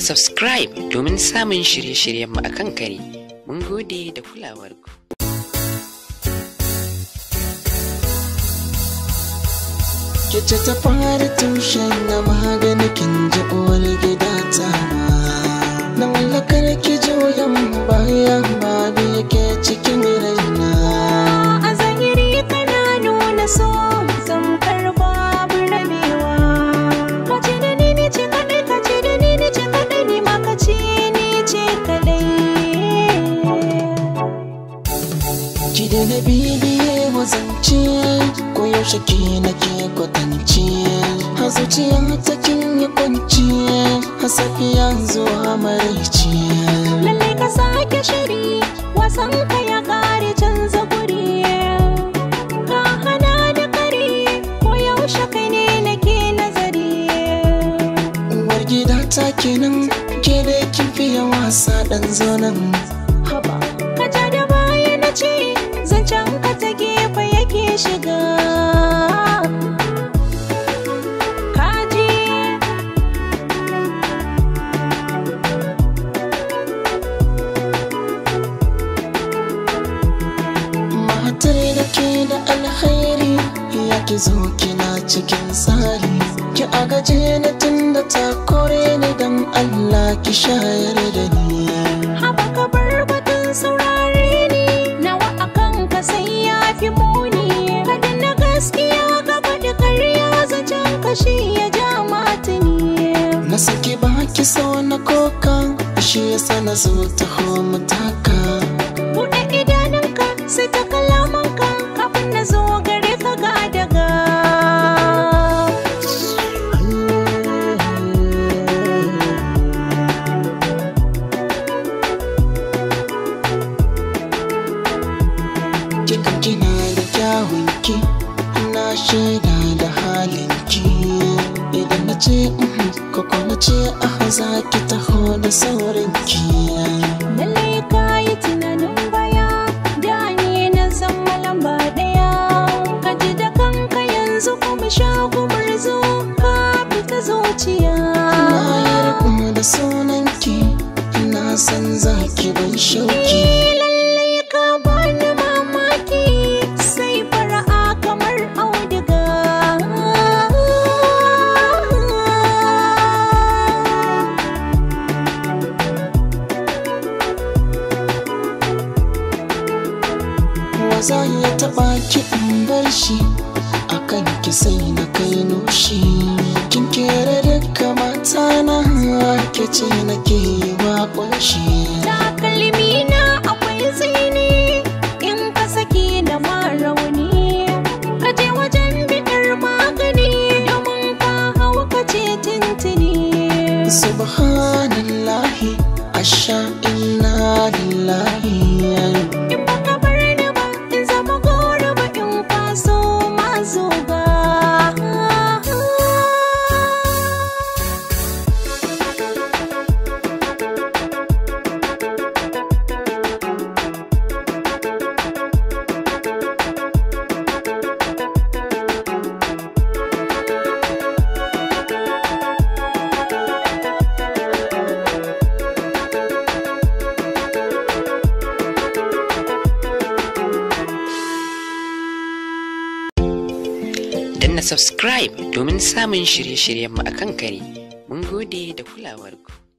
na subscribe domin samun shirye-shiryenmu a kan kare. Mun gode da kulawarku. Kece ta fara tushen na ki da na bibiye mu zance ko yaushe ke nake kwatance a ta kin yi kwance a safiya zuwa maraice lalle ka sake shiri wasan ka ya kare canza guri ka hana da kare ko yaushe kai ne nake nazari uwar gida ta kenan ke da kin fiye wasa dan zonan lokaci zancen ka ta gefe yake shiga kaji matar da ke da alkhairi ya ki zo kina cikin tsari ki agaje ni tun da ta kore ni don allah ki shaye ki so na kokan shi zo taho mataka buɗe idanunka sai ta kalamanka kafin na zo gare ka ga daga Kika kina da kyawunki na shaida da halinki idan na ce mm-hmm, ko na ce ah za ki taho da saurin kiya lalle ka yi tunanin baya da ni na san lamba daya ka ji da kanka yanzu kuma sha kumar zo ka fita zuciya taɓa ki bar shi a kan ki sai na kai nushi kin kere duka mata na ke ce na ke yi wa ƙunshi takalmi na akwai tsini in ka saki na ma rauni ka je wajen biɗar magani domin ka hawa ka ce tintini subhanallahi asha'i danna subscribe domin samun shirye-shiryenmu a kan kare. Mun gode da kulawarku.